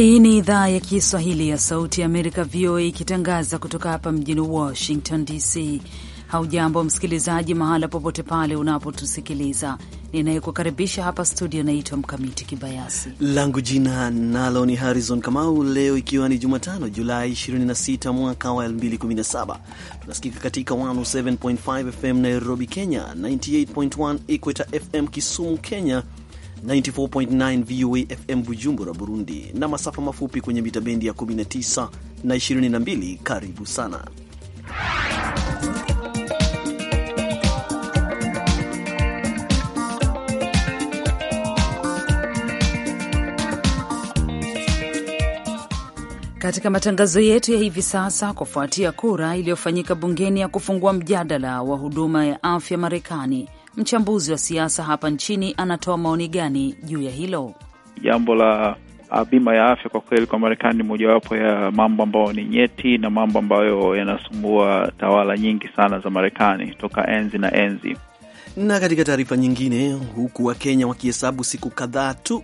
Hii ni idhaa ya Kiswahili ya Sauti ya Amerika, VOA, ikitangaza kutoka hapa mjini Washington DC. Haujambo msikilizaji, mahala popote pale unapotusikiliza. Ninayekukaribisha hapa studio naitwa Mkamiti Kibayasi, langu jina nalo ni Harrison Kamau. Leo ikiwa ni Jumatano, Julai 26 mwaka wa 2017, tunasikika katika 107.5 FM Nairobi, Kenya, 98.1 Equator FM Kisumu, Kenya, 94.9 VOA FM Bujumbura, Burundi, na masafa mafupi kwenye mita bendi ya 19 na 22. Karibu sana katika matangazo yetu ya hivi sasa. Kufuatia kura iliyofanyika bungeni ya kufungua mjadala wa huduma ya afya Marekani, mchambuzi wa siasa hapa nchini anatoa maoni gani juu ya hilo jambo la ah, bima ya afya kwa kweli kwa Marekani ni mojawapo ya mambo ambayo ni nyeti na mambo ambayo yanasumbua tawala nyingi sana za Marekani toka enzi na enzi. Na katika taarifa nyingine, huku Wakenya wakihesabu siku kadhaa tu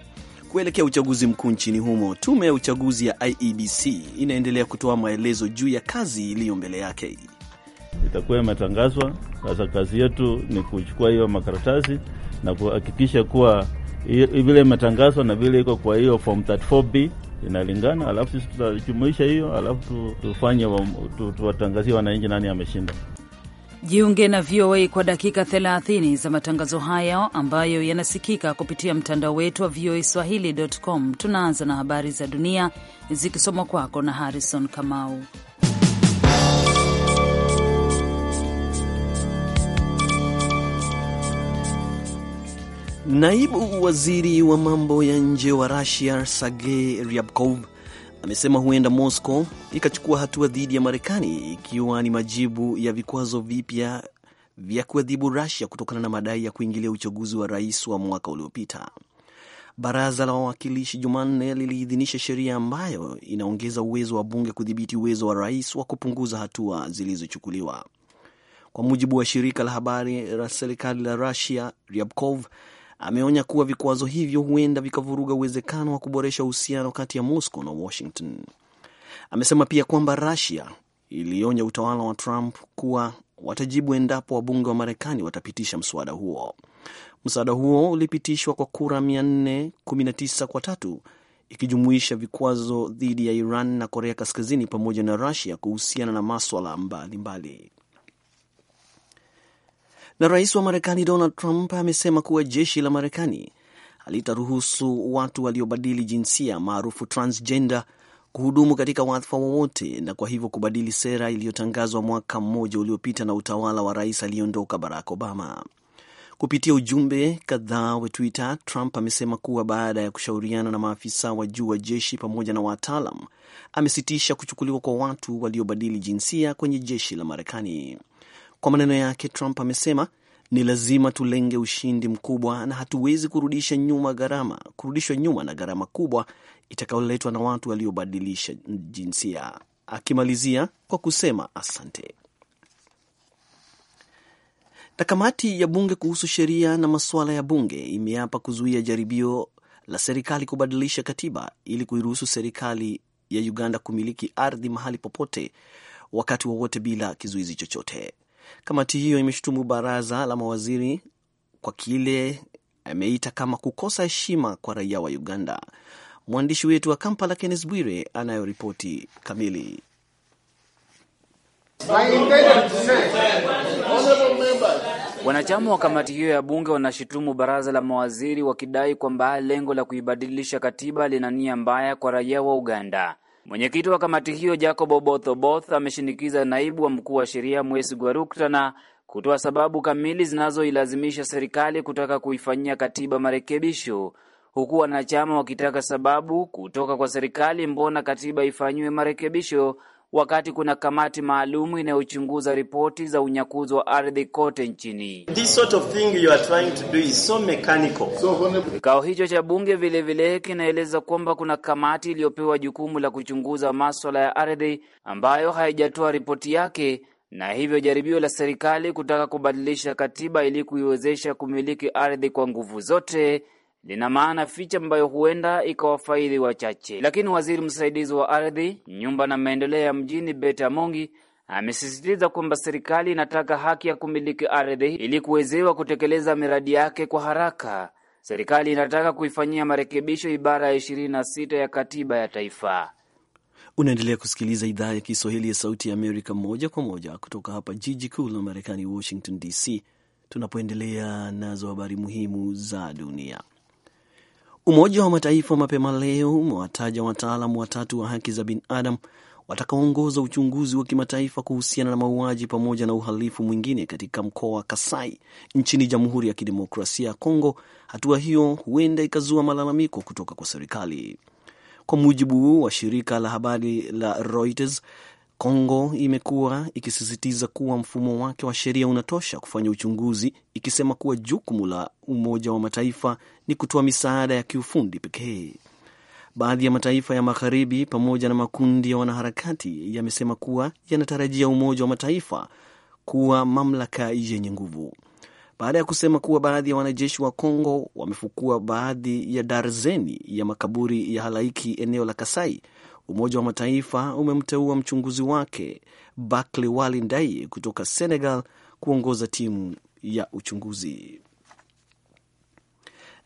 kuelekea uchaguzi mkuu nchini humo, tume ya uchaguzi ya IEBC inaendelea kutoa maelezo juu ya kazi iliyo mbele yake itakuwa imetangazwa. Sasa kazi yetu ni kuchukua hiyo makaratasi na kuhakikisha kuwa vile imetangazwa na vile iko kwa hiyo form 34B inalingana, alafu sisi tutajumuisha hiyo, alafu tufanye tuwatangazie wananchi nani ameshinda. Jiunge na VOA kwa dakika 30 za matangazo hayo ambayo yanasikika kupitia mtandao wetu wa VOA Swahili.com. Tunaanza na habari za dunia zikisomwa kwako na Harrison Kamau. Naibu waziri wa mambo ya nje wa Rusia Sergei Ryabkov amesema huenda Moscow ikachukua hatua dhidi ya Marekani ikiwa ni majibu ya vikwazo vipya vya kuadhibu Rusia kutokana na madai ya kuingilia uchaguzi wa rais wa mwaka uliopita. Baraza la wawakilishi Jumanne liliidhinisha sheria ambayo inaongeza uwezo wa bunge kudhibiti uwezo wa rais wa kupunguza hatua zilizochukuliwa. Kwa mujibu wa shirika la habari la serikali la Rusia, Ryabkov ameonya kuwa vikwazo hivyo huenda vikavuruga uwezekano wa kuboresha uhusiano kati ya Moscow na Washington. Amesema pia kwamba Russia ilionya utawala wa Trump kuwa watajibu endapo wabunge wa Marekani watapitisha mswada huo. Mswada huo ulipitishwa kwa kura 419 kwa tatu, ikijumuisha vikwazo dhidi ya Iran na Korea Kaskazini pamoja na Russia kuhusiana na maswala mbalimbali na rais wa Marekani Donald Trump amesema kuwa jeshi la Marekani halitaruhusu watu waliobadili jinsia maarufu transgender kuhudumu katika wadhifa wowote na kwa hivyo kubadili sera iliyotangazwa mwaka mmoja uliopita na utawala wa rais aliyeondoka Barack Obama. Kupitia ujumbe kadhaa wa Twitter, Trump amesema kuwa baada ya kushauriana na maafisa wa juu wa jeshi pamoja na wataalam, amesitisha kuchukuliwa kwa watu waliobadili jinsia kwenye jeshi la Marekani. Kwa maneno yake, Trump amesema ni lazima tulenge ushindi mkubwa na hatuwezi kurudisha nyuma gharama, kurudishwa nyuma na gharama kubwa itakayoletwa na watu waliobadilisha jinsia, akimalizia kwa kusema asante. Na kamati ya bunge kuhusu sheria na masuala ya bunge imeapa kuzuia jaribio la serikali kubadilisha katiba ili kuiruhusu serikali ya Uganda kumiliki ardhi mahali popote wakati wowote bila kizuizi chochote. Kamati hiyo imeshutumu baraza la mawaziri kwa kile ameita kama kukosa heshima kwa raia wa Uganda. Mwandishi wetu wa Kampala, Kennes Bwire, anayoripoti kamili. Wanachama wa kamati hiyo ya bunge wanashutumu baraza la mawaziri wakidai kwamba lengo la kuibadilisha katiba lina nia mbaya kwa raia wa Uganda. Mwenyekiti wa kamati hiyo Jacob Oboth Oboth ameshinikiza naibu wa mkuu wa sheria Mwesi Gwaruktana kutoa sababu kamili zinazoilazimisha serikali kutaka kuifanyia katiba marekebisho, huku wanachama wakitaka sababu kutoka kwa serikali mbona katiba ifanyiwe marekebisho wakati kuna kamati maalum inayochunguza ripoti za unyakuzi wa ardhi kote nchini. Sort of so so... kikao hicho cha bunge vilevile kinaeleza kwamba kuna kamati iliyopewa jukumu la kuchunguza maswala ya ardhi ambayo haijatoa ripoti yake, na hivyo jaribio la serikali kutaka kubadilisha katiba ili kuiwezesha kumiliki ardhi kwa nguvu zote lina maana ficha ambayo huenda ikawafaidhi wachache. Lakini waziri msaidizi wa ardhi, nyumba na maendeleo ya mjini Beta Mongi amesisitiza kwamba serikali inataka haki ya kumiliki ardhi ili kuwezewa kutekeleza miradi yake kwa haraka. Serikali inataka kuifanyia marekebisho ibara ya 26 ya katiba ya taifa. Unaendelea kusikiliza idhaa ya Kiswahili ya Sauti ya Amerika moja kwa moja kutoka hapa jiji kuu la Marekani, Washington DC, tunapoendelea nazo habari muhimu za dunia. Umoja wa Mataifa mapema leo umewataja wataalamu watatu wa haki za binadamu watakaoongoza uchunguzi wa kimataifa kuhusiana na mauaji pamoja na uhalifu mwingine katika mkoa wa Kasai nchini Jamhuri ya Kidemokrasia ya Kongo. Hatua hiyo huenda ikazua malalamiko kutoka kwa serikali. Kwa mujibu wa shirika la habari la Reuters, Kongo imekuwa ikisisitiza kuwa mfumo wake wa sheria unatosha kufanya uchunguzi, ikisema kuwa jukumu la Umoja wa Mataifa ni kutoa misaada ya kiufundi pekee. Baadhi ya mataifa ya magharibi pamoja na makundi ya wanaharakati yamesema kuwa yanatarajia Umoja wa Mataifa kuwa mamlaka yenye nguvu, baada ya kusema kuwa baadhi ya wanajeshi wa Kongo wamefukua baadhi ya darzeni ya makaburi ya halaiki eneo la Kasai Umoja wa Mataifa umemteua mchunguzi wake Bakli Wali Ndai kutoka Senegal kuongoza timu ya uchunguzi.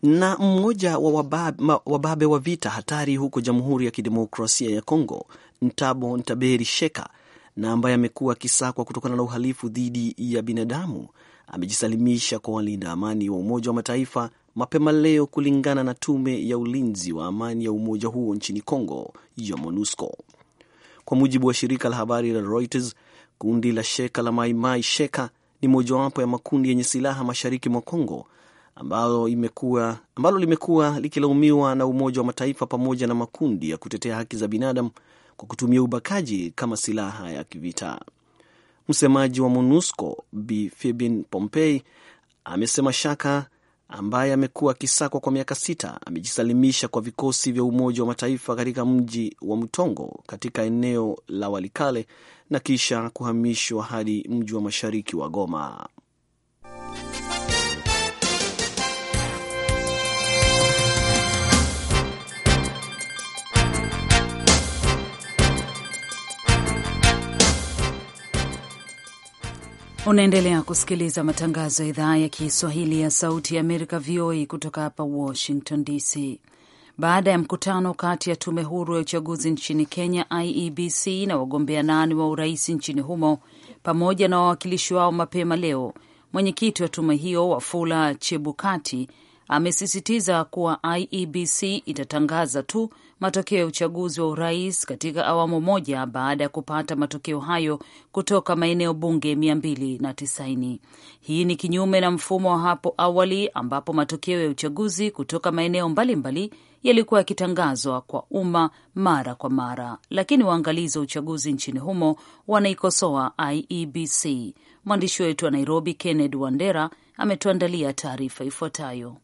Na mmoja wa wababe, wababe wa vita hatari huko Jamhuri ya Kidemokrasia ya Kongo, Ntabo Ntaberi Sheka, na ambaye amekuwa akisakwa kutokana na uhalifu dhidi ya binadamu amejisalimisha kwa walinda amani wa Umoja wa Mataifa mapema leo kulingana na tume ya ulinzi wa amani ya umoja huo nchini Congo ya MONUSCO. Kwa mujibu wa shirika la habari la Reuters, kundi la Sheka la Maimai Sheka ni mojawapo ya makundi yenye silaha mashariki mwa Congo ambalo, ambalo limekuwa likilaumiwa na Umoja wa Mataifa pamoja na makundi ya kutetea haki za binadamu kwa kutumia ubakaji kama silaha ya kivita. Msemaji wa MONUSCO B Pompey amesema Shaka ambaye amekuwa akisakwa kwa miaka sita amejisalimisha kwa vikosi vya Umoja wa Mataifa katika mji wa mtongo katika eneo la Walikale na kisha kuhamishwa hadi mji wa mashariki wa Goma. Unaendelea kusikiliza matangazo ya idhaa ya Kiswahili ya Sauti ya Amerika, VOA, kutoka hapa Washington DC. Baada ya mkutano kati ya tume huru ya uchaguzi nchini Kenya, IEBC, na wagombea nane wa urais nchini humo pamoja na wawakilishi wao mapema leo, mwenyekiti wa tume hiyo Wafula Chebukati amesisitiza kuwa IEBC itatangaza tu matokeo ya uchaguzi wa urais katika awamu moja baada ya kupata matokeo hayo kutoka maeneo bunge 290. Hii ni kinyume na mfumo wa hapo awali ambapo matokeo ya uchaguzi kutoka maeneo mbalimbali yalikuwa yakitangazwa kwa umma mara kwa mara, lakini waangalizi wa uchaguzi nchini humo wanaikosoa IEBC. Mwandishi wetu wa Nairobi, Kenneth Wandera, ametuandalia taarifa ifuatayo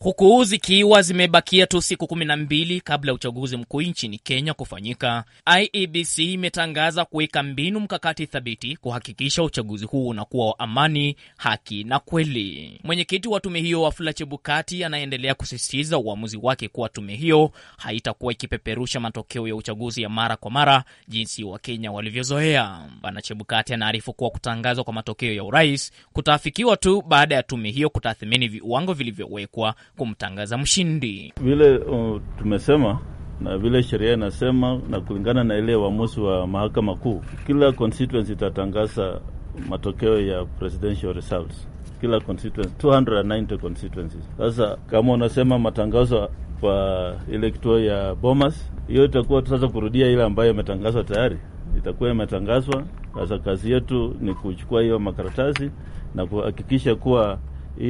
huku zikiwa zimebakia tu siku kumi na mbili kabla ya uchaguzi mkuu nchini Kenya kufanyika, IEBC imetangaza kuweka mbinu mkakati thabiti kuhakikisha uchaguzi huu unakuwa wa amani, haki na kweli. Mwenyekiti wa tume hiyo Wafula Chebukati anaendelea kusisitiza uamuzi wake kuwa tume hiyo haitakuwa ikipeperusha matokeo ya uchaguzi ya mara kwa mara jinsi Wakenya walivyozoea. Bwana Chebukati anaarifu kuwa kutangazwa kwa matokeo ya urais kutaafikiwa tu baada ya tume hiyo kutathmini viwango vilivyowekwa kumtangaza mshindi. Vile uh, tumesema na vile sheria inasema na kulingana na ile uamuzi wa mahakama kuu, kila constituency itatangaza matokeo ya presidential results, kila constituency 290 constituencies. Sasa kama unasema matangazo kwa ile kituo ya Bomas, hiyo itakuwa sasa kurudia ile ambayo imetangazwa tayari, itakuwa imetangazwa sasa. Kazi yetu ni kuchukua hiyo makaratasi na kuhakikisha kuwa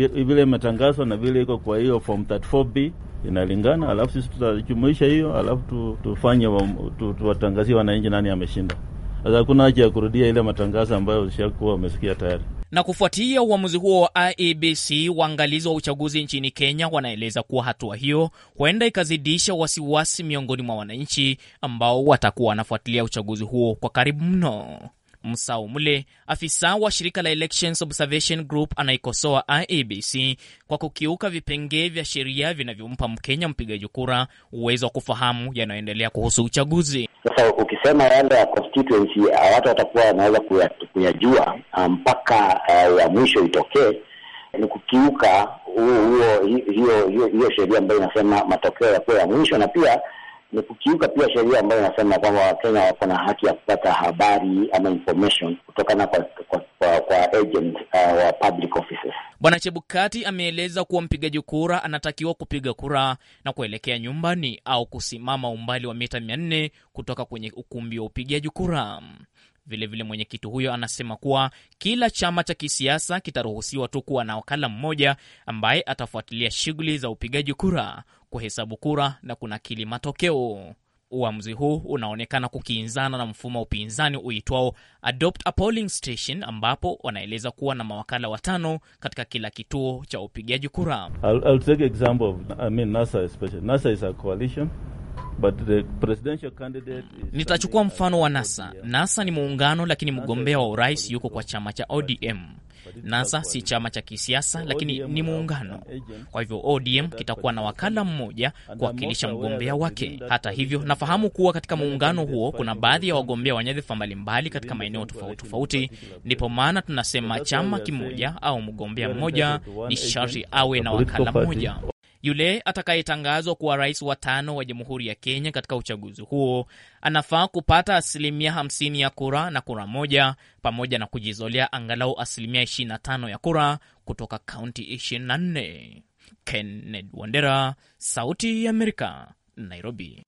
vile imetangazwa na vile iko kwa hiyo form 34B inalingana, alafu sisi tutajumuisha hiyo, alafu tu, tufanye tuwatangazie tu, wananchi nani ameshinda. Sasa hakuna haja ya kurudia ile matangazo ambayo ushakuwa umesikia tayari. Na kufuatia uamuzi huo wa IEBC, waangalizi wa uchaguzi nchini Kenya wanaeleza kuwa hatua hiyo huenda ikazidisha wasiwasi miongoni mwa wananchi ambao watakuwa wanafuatilia uchaguzi huo kwa karibu mno. Msau Mule, afisa wa shirika la Elections Observation Group, anaikosoa IEBC kwa kukiuka vipengee vya sheria vinavyompa Mkenya mpigaji kura uwezo wa kufahamu yanayoendelea kuhusu uchaguzi. Sasa ukisema yale ya constituency ah, watu watakuwa wanaweza kuyajua ah, mpaka uh, ya mwisho itokee, ni kukiuka huo hiyo hiyo sheria ambayo inasema matokeo yakuwa ya mwisho na pia ni kukiuka pia sheria ambayo inasema kwamba Wakenya wako na haki ya kupata habari ama information kutokana kwa, kwa, kwa, kwa agent uh, wa public offices. Bwana Chebukati ameeleza kuwa mpigaji kura anatakiwa kupiga kura na kuelekea nyumbani au kusimama umbali wa mita mia nne kutoka kwenye ukumbi wa upigaji kura. Vilevile, mwenyekiti huyo anasema kuwa kila chama cha kisiasa kitaruhusiwa tu kuwa na wakala mmoja ambaye atafuatilia shughuli za upigaji kura kuhesabu kura na kunakili matokeo. Uamuzi huu unaonekana kukinzana na mfumo wa upinzani uitwao Adopt a Polling Station, ambapo wanaeleza kuwa na mawakala watano katika kila kituo cha upigaji kura. nitachukua mfano wa NASA. NASA ni muungano, lakini mgombea wa urais yuko kwa chama cha ODM na sasi chama cha kisiasa lakini ni muungano. Kwa hivyo ODM kitakuwa na wakala mmoja kuwakilisha mgombea wake. Hata hivyo, nafahamu kuwa katika muungano huo kuna baadhi ya wagombea wa nyadhifa mbalimbali katika maeneo tofauti tofauti, ndipo maana tunasema chama kimoja au mgombea mmoja ni sharti awe na wakala mmoja. Yule atakayetangazwa kuwa rais wa tano wa Jamhuri ya Kenya katika uchaguzi huo anafaa kupata asilimia 50 ya kura na kura moja, pamoja na kujizolea angalau asilimia 25 ya kura kutoka kaunti 24. Kenneth Wandera, Sauti ya Amerika, Nairobi.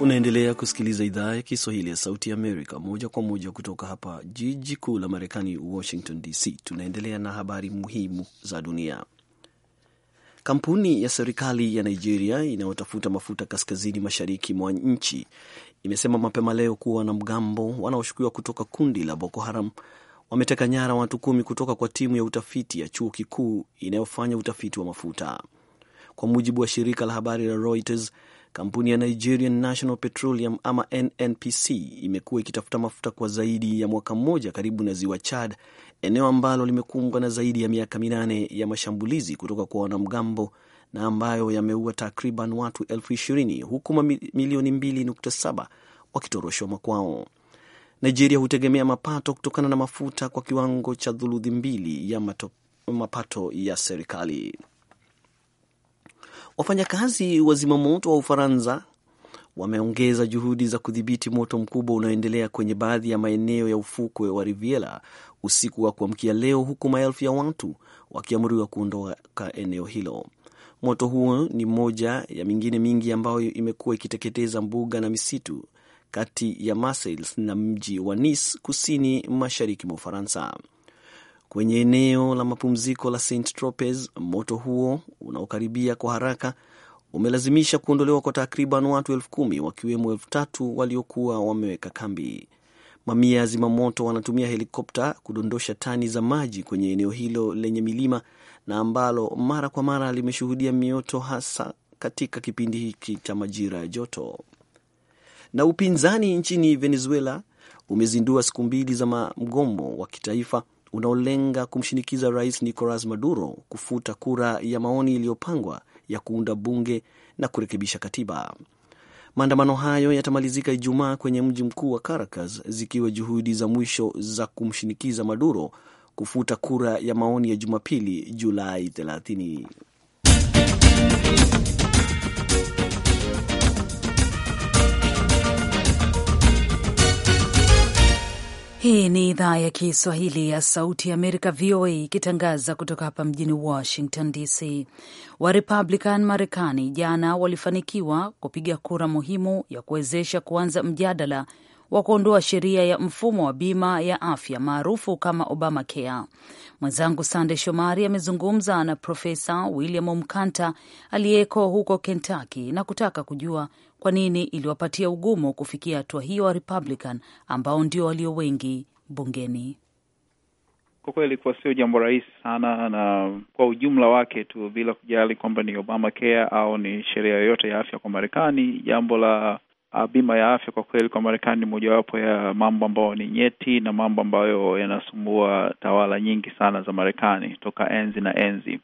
Unaendelea kusikiliza idhaa ya Kiswahili ya Sauti Amerika moja kwa moja kutoka hapa jiji kuu la Marekani, Washington DC. Tunaendelea na habari muhimu za dunia. Kampuni ya serikali ya Nigeria inayotafuta mafuta kaskazini mashariki mwa nchi imesema mapema leo kuwa wanamgambo wanaoshukiwa kutoka kundi la Boko Haram wameteka nyara watu kumi kutoka kwa timu ya utafiti ya chuo kikuu inayofanya utafiti wa mafuta. Kwa mujibu wa shirika la habari la Reuters, Kampuni ya Nigerian National Petroleum ama NNPC imekuwa ikitafuta mafuta kwa zaidi ya mwaka mmoja karibu na ziwa Chad, eneo ambalo limekumbwa na zaidi ya miaka minane ya mashambulizi kutoka kwa wanamgambo na ambayo yameua takriban watu elfu ishirini huku mamilioni 2.7 wakitoroshwa makwao. Nigeria hutegemea mapato kutokana na mafuta kwa kiwango cha thuluthi mbili ya mato, mapato ya serikali. Wafanyakazi wa zimamoto wa Ufaransa wameongeza juhudi za kudhibiti moto mkubwa unaoendelea kwenye baadhi ya maeneo ya ufukwe wa Riviera usiku wa kuamkia leo, huku maelfu ya watu wakiamriwa kuondoka eneo hilo. Moto huo ni moja ya mingine mingi ambayo imekuwa ikiteketeza mbuga na misitu kati ya Marseille na mji wa Nice kusini mashariki mwa Ufaransa kwenye eneo la mapumziko la St Tropez. Moto huo unaokaribia kwa haraka umelazimisha kuondolewa kwa takriban watu elfu kumi wakiwemo elfu tatu waliokuwa wameweka kambi. Mamia ya zimamoto wanatumia helikopta kudondosha tani za maji kwenye eneo hilo lenye milima na ambalo mara kwa mara limeshuhudia mioto hasa katika kipindi hiki cha majira ya joto. Na upinzani nchini Venezuela umezindua siku mbili za mgomo wa kitaifa unaolenga kumshinikiza rais Nicolas Maduro kufuta kura ya maoni iliyopangwa ya kuunda bunge na kurekebisha katiba. Maandamano hayo yatamalizika Ijumaa kwenye mji mkuu wa Caracas, zikiwa juhudi za mwisho za kumshinikiza Maduro kufuta kura ya maoni ya Jumapili, Julai 3hi0 Hii ni idhaa ya Kiswahili ya Sauti ya Amerika, VOA, ikitangaza kutoka hapa mjini Washington DC. Warepublican Marekani jana walifanikiwa kupiga kura muhimu ya kuwezesha kuanza mjadala wa kuondoa sheria ya mfumo wa bima ya afya maarufu kama Obamacare. Mwenzangu Sande Shomari amezungumza na Profesa William Mkanta aliyeko huko Kentucky na kutaka kujua kwa nini iliwapatia ugumu kufikia hatua hiyo wa Republican ambao ndio walio wengi bungeni. Kwa kweli ilikuwa sio jambo rahisi sana, na kwa ujumla wake tu, bila kujali kwamba ni obama Care au ni sheria yoyote ya afya kwa Marekani, jambo la ah, bima ya afya kwa kweli kwa Marekani ni mojawapo ya mambo ambayo ni nyeti na mambo ambayo yanasumbua tawala nyingi sana za Marekani toka enzi na enzi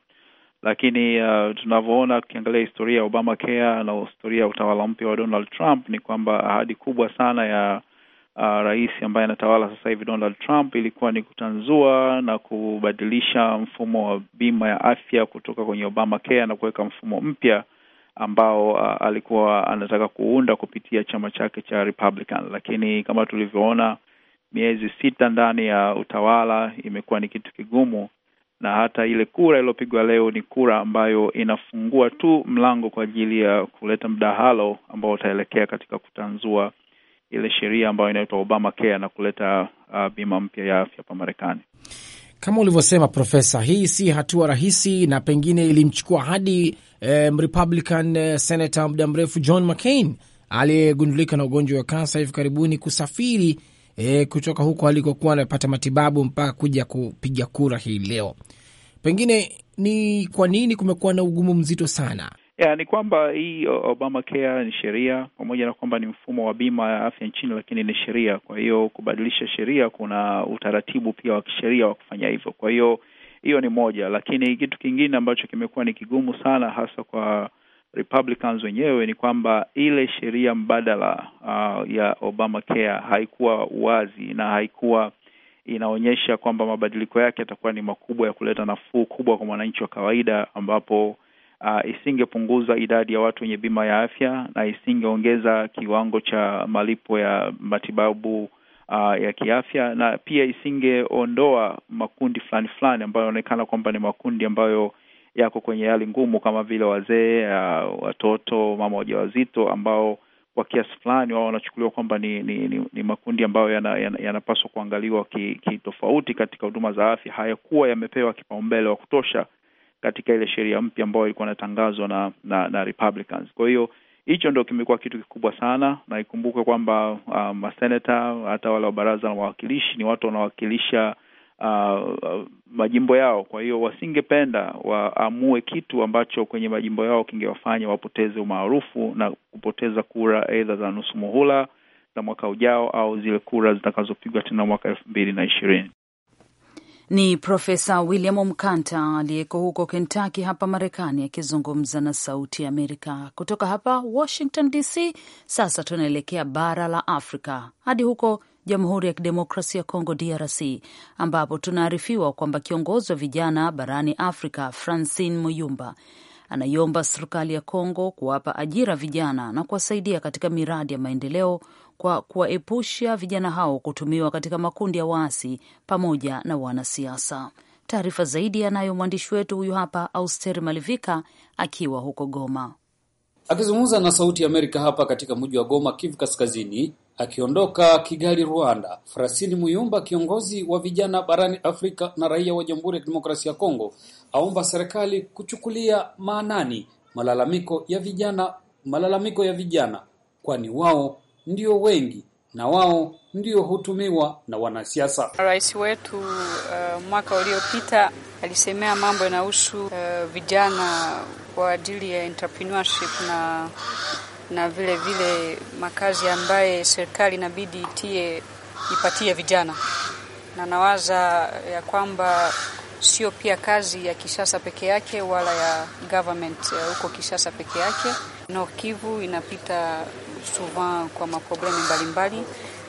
lakini uh, tunavyoona ukiangalia historia ya obama Obamacare na historia ya utawala mpya wa Donald Trump ni kwamba ahadi kubwa sana ya uh, rais ambaye anatawala sasa hivi Donald Trump ilikuwa ni kutanzua na kubadilisha mfumo wa bima ya afya kutoka kwenye obama Obamacare na kuweka mfumo mpya ambao uh, alikuwa anataka kuunda kupitia chama chake cha Republican, lakini kama tulivyoona miezi sita ndani ya utawala imekuwa ni kitu kigumu na hata ile kura iliyopigwa leo ni kura ambayo inafungua tu mlango kwa ajili ya kuleta mdahalo ambao utaelekea katika kutanzua ile sheria ambayo inaitwa obama kea na kuleta uh, bima mpya ya afya hapa Marekani. Kama ulivyosema Profesa, hii si hatua rahisi, na pengine ilimchukua hadi eh, Republican eh, senator muda mrefu John McCain aliyegundulika na ugonjwa wa kansa hivi karibuni kusafiri e, kutoka huko alikokuwa anapata matibabu mpaka kuja kupiga kura hii leo. Pengine ni kwa nini kumekuwa na ugumu mzito sana? Yeah, ni kwamba hii Obamacare ni sheria, pamoja na kwamba ni mfumo wa bima ya afya nchini, lakini ni sheria. Kwa hiyo kubadilisha sheria, kuna utaratibu pia wa kisheria wa kufanya hivyo. Kwa hiyo hiyo ni moja, lakini kitu kingine ambacho kimekuwa ni kigumu sana hasa kwa Republicans wenyewe ni kwamba ile sheria mbadala uh, ya Obamacare haikuwa wazi na haikuwa inaonyesha kwamba mabadiliko yake yatakuwa ni makubwa ya kuleta nafuu kubwa kwa mwananchi wa kawaida, ambapo uh, isingepunguza idadi ya watu wenye bima ya afya na isingeongeza kiwango cha malipo ya matibabu uh, ya kiafya, na pia isingeondoa makundi fulani fulani ambayo yanaonekana kwamba ni makundi ambayo yako kwenye hali ngumu kama vile wazee, uh, watoto, mama wajawazito ambao kwa kiasi fulani wao wanachukuliwa kwamba ni, ni, ni, ni makundi ambayo yanapaswa yana, yana kuangaliwa kitofauti ki katika huduma za afya, hayakuwa yamepewa kipaumbele wa kutosha katika ile sheria mpya ambayo ilikuwa inatangazwa na, na, na Republicans. Kwa hiyo hicho ndo kimekuwa kitu kikubwa sana, na ikumbuke kwamba uh, maseneta hata wale wa baraza la wawakilishi ni watu wanawakilisha uh, majimbo yao. Kwa hiyo wasingependa waamue kitu ambacho kwenye majimbo yao kingewafanya wapoteze umaarufu na kupoteza kura aidha za nusu muhula za mwaka ujao au zile kura zitakazopigwa tena mwaka elfu mbili na ishirini. Ni Profesa William Mkanta aliyeko huko Kentucky hapa Marekani akizungumza na Sauti ya Amerika kutoka hapa Washington DC. Sasa tunaelekea bara la Afrika hadi huko Jamhuri ya Kidemokrasia ya Kongo, DRC, ambapo tunaarifiwa kwamba kiongozi wa vijana barani Afrika Francine Muyumba anaiomba serikali ya Kongo kuwapa ajira vijana na kuwasaidia katika miradi ya maendeleo kwa kuwaepusha vijana hao kutumiwa katika makundi ya waasi pamoja na wanasiasa. Taarifa zaidi anayo mwandishi wetu huyu hapa, Auster Malivika akiwa huko Goma. Akizungumza na Sauti ya Amerika hapa katika mji wa Goma, Kivu Kaskazini, akiondoka Kigali, Rwanda, frasini Muyumba, kiongozi wa vijana barani Afrika na raia wa Jamhuri ya Kidemokrasia ya Kongo, aomba serikali kuchukulia maanani malalamiko ya vijana, malalamiko ya vijana, kwani wao ndio wengi na wao ndio hutumiwa na wanasiasa. Rais wetu uh, mwaka uliopita alisemea mambo yanahusu uh, vijana kwa ajili ya entrepreneurship na na vile vile makazi ambaye serikali inabidi itie ipatie vijana, na nawaza ya kwamba sio pia kazi ya Kisasa peke yake wala ya government huko Kisasa peke yake. North Kivu inapita souvent kwa maproblemu mbalimbali,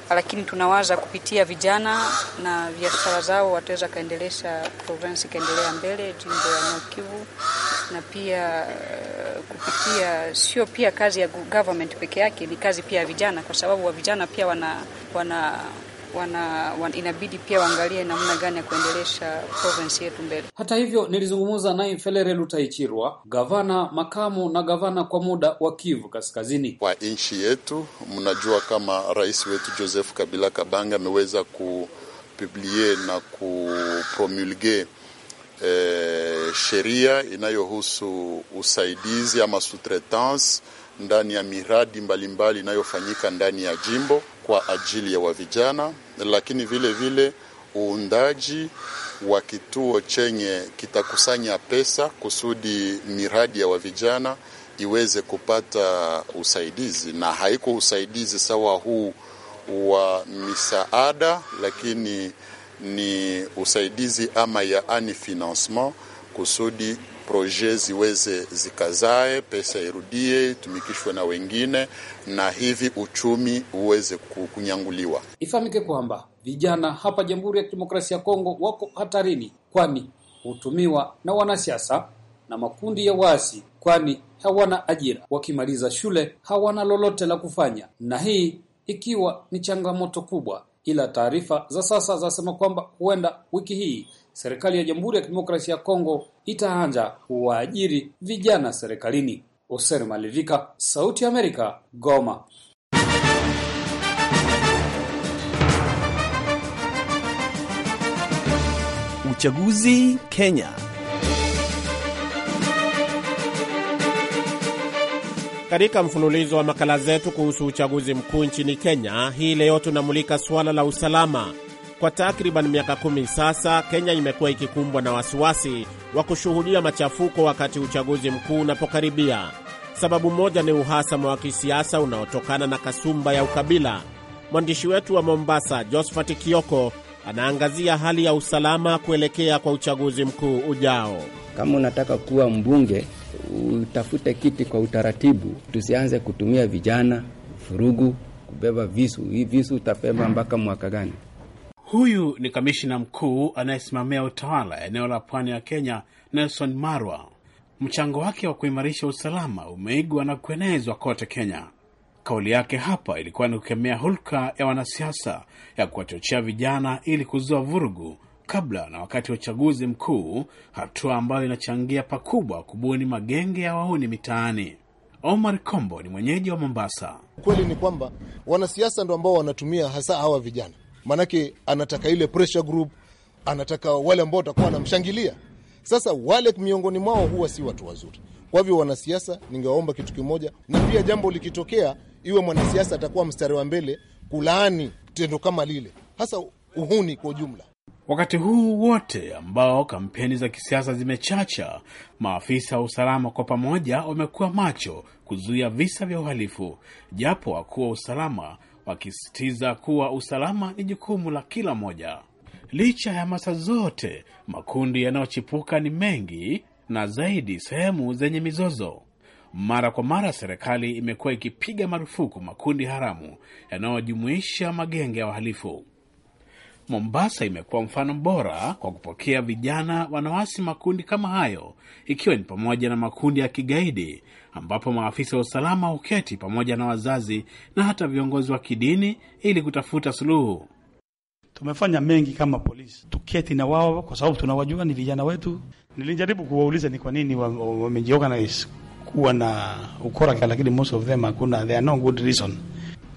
lakini tunawaza kupitia vijana na biashara zao wataweza kaendelesha province ikaendelea mbele, jimbo ya North Kivu, na pia eh, kupitia sio pia kazi ya government peke yake, ni kazi pia ya vijana, kwa sababu wa vijana pia wana, wana wana, wana inabidi pia waangalie namna gani ya kuendelesha province yetu mbele. Hata hivyo, nilizungumza naye Felere Lutaichirwa, gavana makamu na gavana kwa muda wa Kivu Kaskazini. Kwa nchi yetu, mnajua kama rais wetu Joseph Kabila Kabanga ameweza kupublie na kupromulge e, sheria inayohusu usaidizi ama sutretance ndani ya miradi mbalimbali inayofanyika mbali ndani ya jimbo kwa ajili ya wavijana, lakini vile vile uundaji wa kituo chenye kitakusanya pesa kusudi miradi ya wavijana iweze kupata usaidizi, na haiko usaidizi sawa huu wa misaada, lakini ni usaidizi ama yaani financement kusudi proje ziweze zikazae, pesa irudie, itumikishwe na wengine, na hivi uchumi uweze kunyanguliwa. Ifahamike kwamba vijana hapa Jamhuri ya Kidemokrasia ya Kongo wako hatarini, kwani hutumiwa na wanasiasa na makundi ya waasi, kwani hawana ajira, wakimaliza shule hawana lolote la kufanya, na hii ikiwa ni changamoto kubwa ila taarifa za sasa zasema kwamba huenda wiki hii serikali ya Jamhuri ya Kidemokrasia ya Kongo itaanza kuwaajiri vijana serikalini. Oser Malivika, Sauti ya Amerika, Goma. Uchaguzi Kenya. Katika mfululizo wa makala zetu kuhusu uchaguzi mkuu nchini Kenya, hii leo tunamulika suala la usalama. Kwa takriban miaka kumi sasa, Kenya imekuwa ikikumbwa na wasiwasi wa kushuhudia machafuko wakati uchaguzi mkuu unapokaribia. Sababu moja ni uhasama wa kisiasa unaotokana na kasumba ya ukabila. Mwandishi wetu wa Mombasa, Josphat Kioko, anaangazia hali ya usalama kuelekea kwa uchaguzi mkuu ujao. Kama unataka kuwa mbunge utafute kiti kwa utaratibu, tusianze kutumia vijana furugu, kubeba visu. Hii visu utapeba mpaka mwaka gani? Huyu ni kamishina mkuu anayesimamia utawala eneo la pwani ya Kenya, Nelson Marwa. Mchango wake wa kuimarisha usalama umeigwa na kuenezwa kote Kenya. Kauli yake hapa ilikuwa ni kukemea hulka ya wanasiasa ya kuwachochea vijana ili kuzua vurugu kabla na wakati wa uchaguzi mkuu, hatua ambayo inachangia pakubwa kubuni magenge ya wahuni mitaani. Omar Kombo ni mwenyeji wa Mombasa. Ukweli ni kwamba wanasiasa ndo ambao wanatumia hasa hawa vijana, maanake anataka ile pressure group, anataka wale ambao watakuwa wanamshangilia. Sasa wale miongoni mwao huwa si watu wazuri. Kwa hivyo, wanasiasa, ningewaomba kitu kimoja, na pia jambo likitokea, iwe mwanasiasa atakuwa mstari wa mbele kulaani tendo kama lile, hasa uhuni kwa ujumla. Wakati huu wote ambao kampeni za kisiasa zimechacha, maafisa wa usalama kwa pamoja wamekuwa macho kuzuia visa vya uhalifu, japo wakuu wa usalama wakisisitiza kuwa usalama ni jukumu la kila mmoja. Licha ya hamasa zote, makundi yanayochipuka ni mengi na zaidi sehemu zenye mizozo. Mara kwa mara serikali imekuwa ikipiga marufuku makundi haramu yanayojumuisha magenge ya wahalifu. Mombasa imekuwa mfano bora kwa kupokea vijana wanawasi makundi kama hayo, ikiwa ni pamoja na makundi ya kigaidi, ambapo maafisa wa usalama huketi pamoja na wazazi na hata viongozi wa kidini ili kutafuta suluhu. Tumefanya mengi kama polisi, tuketi na wao kwa sababu tunawajua ni vijana wetu. Nilijaribu kuwauliza ni kwa nini wamejiorganize kuwa na ukora, lakini most of them hakuna, there are no good reason.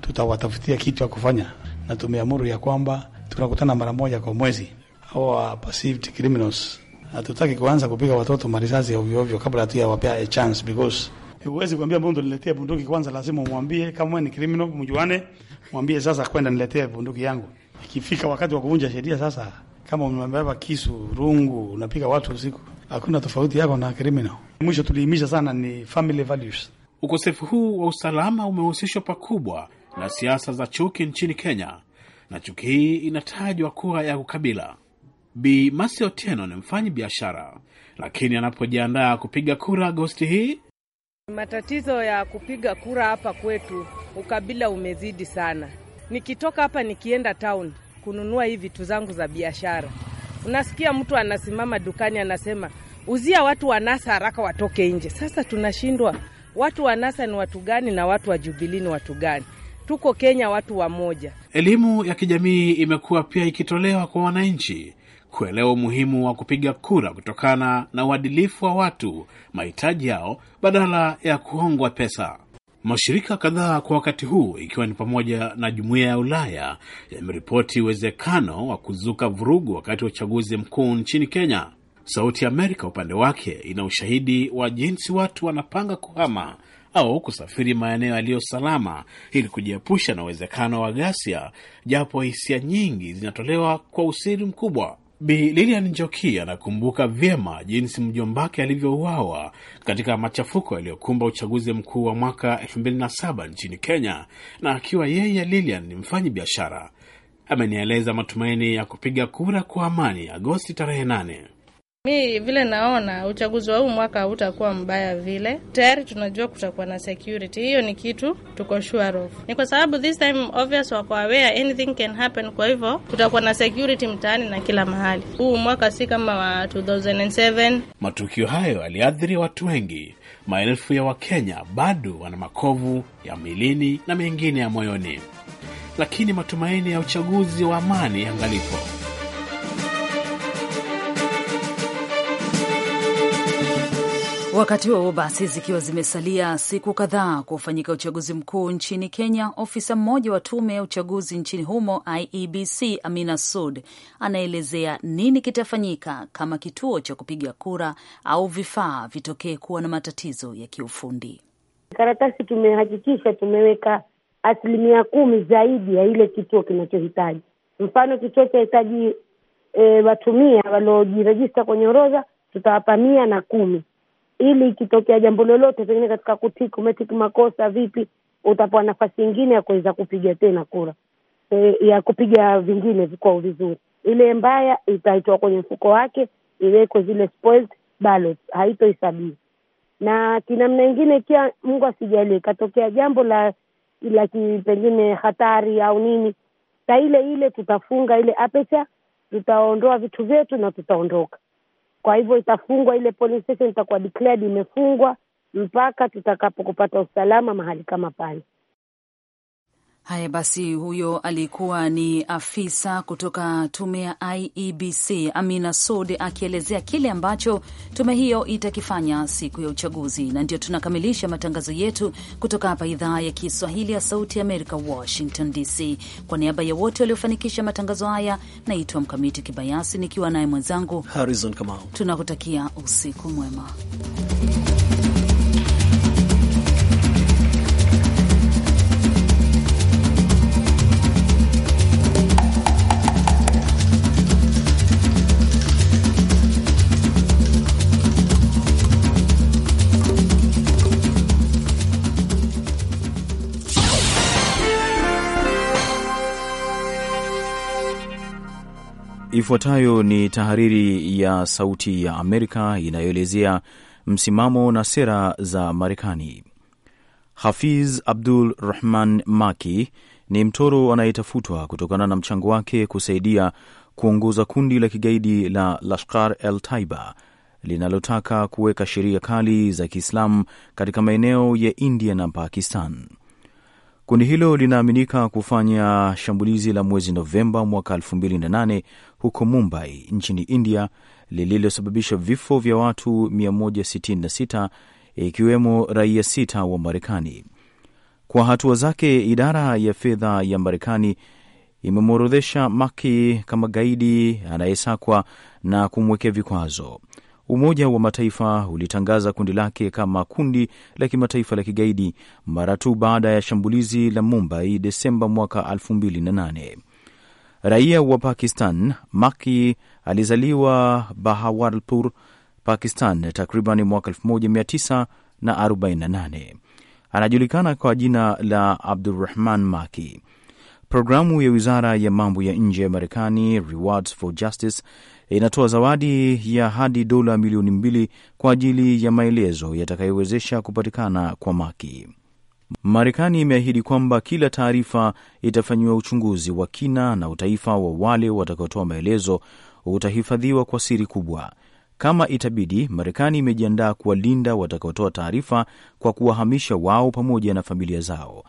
Tutawatafutia kitu ya kufanya, na tumeamuru ya kwamba tunakutana mara moja kwa mwezi. au perceived criminals hatutaki kuanza kupiga watoto marisasi ya ovyo ovyo kabla hatu yawapea a chance because huwezi kuambia mtu niletee bunduki kwanza, lazima umwambie kama wewe ni criminal, mjuane, mwambie sasa, kwenda niletee bunduki yangu. Ikifika wakati wa kuvunja sheria sasa, kama umebeba kisu, rungu, unapiga watu usiku, hakuna tofauti yako na criminal. Mwisho tulihimisha sana ni family values. Ukosefu huu wa usalama umehusishwa pakubwa na siasa za chuki nchini Kenya na chuki hii inatajwa kuwa ya ukabila. Bi Masi Otieno ni mfanyi biashara, lakini anapojiandaa kupiga kura Agosti hii, matatizo ya kupiga kura hapa kwetu, ukabila umezidi sana. Nikitoka hapa nikienda town kununua hii vitu zangu za biashara, unasikia mtu anasimama dukani anasema uzia watu wa NASA haraka watoke nje. Sasa tunashindwa watu wa NASA ni watu gani na watu wa Jubilii ni watu gani? tuko Kenya watu wamoja. Elimu ya kijamii imekuwa pia ikitolewa kwa wananchi kuelewa umuhimu wa kupiga kura kutokana na uadilifu wa watu, mahitaji yao, badala ya kuhongwa pesa. Mashirika kadhaa kwa wakati huu ikiwa ni pamoja na Jumuiya ya Ulaya yameripoti uwezekano wa kuzuka vurugu wakati wa uchaguzi mkuu nchini Kenya. Sauti ya Amerika upande wake ina ushahidi wa jinsi watu wanapanga kuhama au kusafiri maeneo yaliyo salama ili kujiepusha na uwezekano wa ghasia, japo hisia nyingi zinatolewa kwa usiri mkubwa. Bi Lilian Njoki anakumbuka vyema jinsi mjombake alivyouawa katika machafuko yaliyokumba uchaguzi mkuu wa mwaka 2007 nchini Kenya, na akiwa yeye Lilian ni mfanyi biashara. Amenieleza matumaini ya kupiga kura kwa amani Agosti tarehe 8. Mi vile naona uchaguzi wa huu mwaka hautakuwa mbaya vile. Tayari tunajua kutakuwa na security, hiyo ni kitu tuko sure of. Ni kwa sababu this time obvious wako aware anything can happen, kwa hivyo kutakuwa na security mtaani na kila mahali. Huu mwaka si kama wa 2007. Matukio hayo yaliathiri watu wengi. Maelfu ya Wakenya bado wana makovu ya milini na mengine ya moyoni, lakini matumaini ya uchaguzi wa amani yangalipo. Wakati huo basi, zikiwa zimesalia siku kadhaa kufanyika uchaguzi mkuu nchini Kenya, ofisa mmoja wa tume ya uchaguzi nchini humo IEBC, Amina Sud, anaelezea nini kitafanyika kama kituo cha kupiga kura au vifaa vitokee kuwa na matatizo ya kiufundi. Karatasi tumehakikisha tumeweka asilimia kumi zaidi ya ile kituo kinachohitaji. Mfano, kituo chahitaji e, eh, watumia waliojirejista kwenye orodha tutawapa mia na kumi ili ikitokea jambo lolote, pengine katika kutik umetik makosa vipi, utapewa nafasi ingine ya kuweza kupiga tena kura e, ya kupiga vingine vikwao vizuri. Ile mbaya itaitoa kwenye mfuko wake, iwekwe zile spoiled ballot, Na kinamna ingine, kia Mungu asijalie, ikatokea jambo la la pengine hatari au nini, saa ile ile tutafunga ile apecha tutaondoa vitu vyetu na tutaondoka kwa hivyo itafungwa ile polling station, itakuwa declared imefungwa mpaka tutakapo kupata usalama mahali kama pale. Haya basi, huyo alikuwa ni afisa kutoka tume ya IEBC Amina Sud akielezea kile ambacho tume hiyo itakifanya siku ya uchaguzi. Na ndio tunakamilisha matangazo yetu kutoka hapa idhaa ya Kiswahili ya Sauti Amerika, Washington DC. Kwa niaba ya wote waliofanikisha matangazo haya, naitwa Mkamiti Kibayasi nikiwa naye mwenzangu Harrison Kamau. Tunakutakia usiku mwema. Ifuatayo ni tahariri ya Sauti ya Amerika inayoelezea msimamo na sera za Marekani. Hafiz Abdul Rahman Maki ni mtoro anayetafutwa kutokana na mchango wake kusaidia kuongoza kundi la kigaidi la Lashkar el Taiba linalotaka kuweka sheria kali za Kiislamu katika maeneo ya India na Pakistan. Kundi hilo linaaminika kufanya shambulizi la mwezi Novemba mwaka 2008 huko Mumbai nchini India lililosababisha vifo vya watu 166 ikiwemo raia sita wa Marekani. Kwa hatua zake, idara ya fedha ya Marekani imemworodhesha Maki kama gaidi anayesakwa na kumwekea vikwazo. Umoja wa Mataifa ulitangaza kundi lake kama kundi la kimataifa la kigaidi mara tu baada ya shambulizi la Mumbai Desemba mwaka 2008. Raia wa Pakistan Maki alizaliwa Bahawalpur, Pakistan takriban mwaka 1948. Anajulikana kwa jina la Abdurrahman Maki. Programu ya wizara ya mambo ya nje ya Marekani, Rewards for Justice, inatoa zawadi ya hadi dola milioni mbili kwa ajili ya maelezo yatakayowezesha kupatikana kwa Maki. Marekani imeahidi kwamba kila taarifa itafanyiwa uchunguzi wa kina na utaifa wa wale watakaotoa maelezo utahifadhiwa kwa siri kubwa. Kama itabidi, Marekani imejiandaa kuwalinda watakaotoa taarifa kwa kuwahamisha wao pamoja na familia zao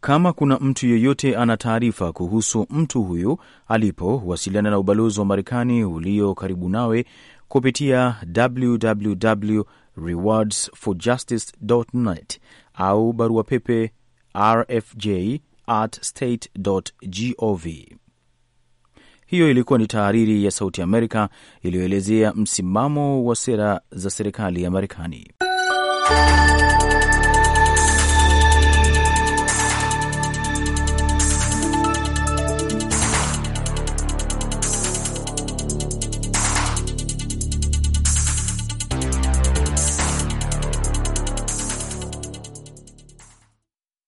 kama kuna mtu yeyote ana taarifa kuhusu mtu huyu alipo, wasiliana na ubalozi wa Marekani ulio karibu nawe kupitia www.rewardsforjustice.net au barua pepe rfj at state gov. Hiyo ilikuwa ni tahariri ya Sauti Amerika iliyoelezea msimamo wa sera za serikali ya Marekani.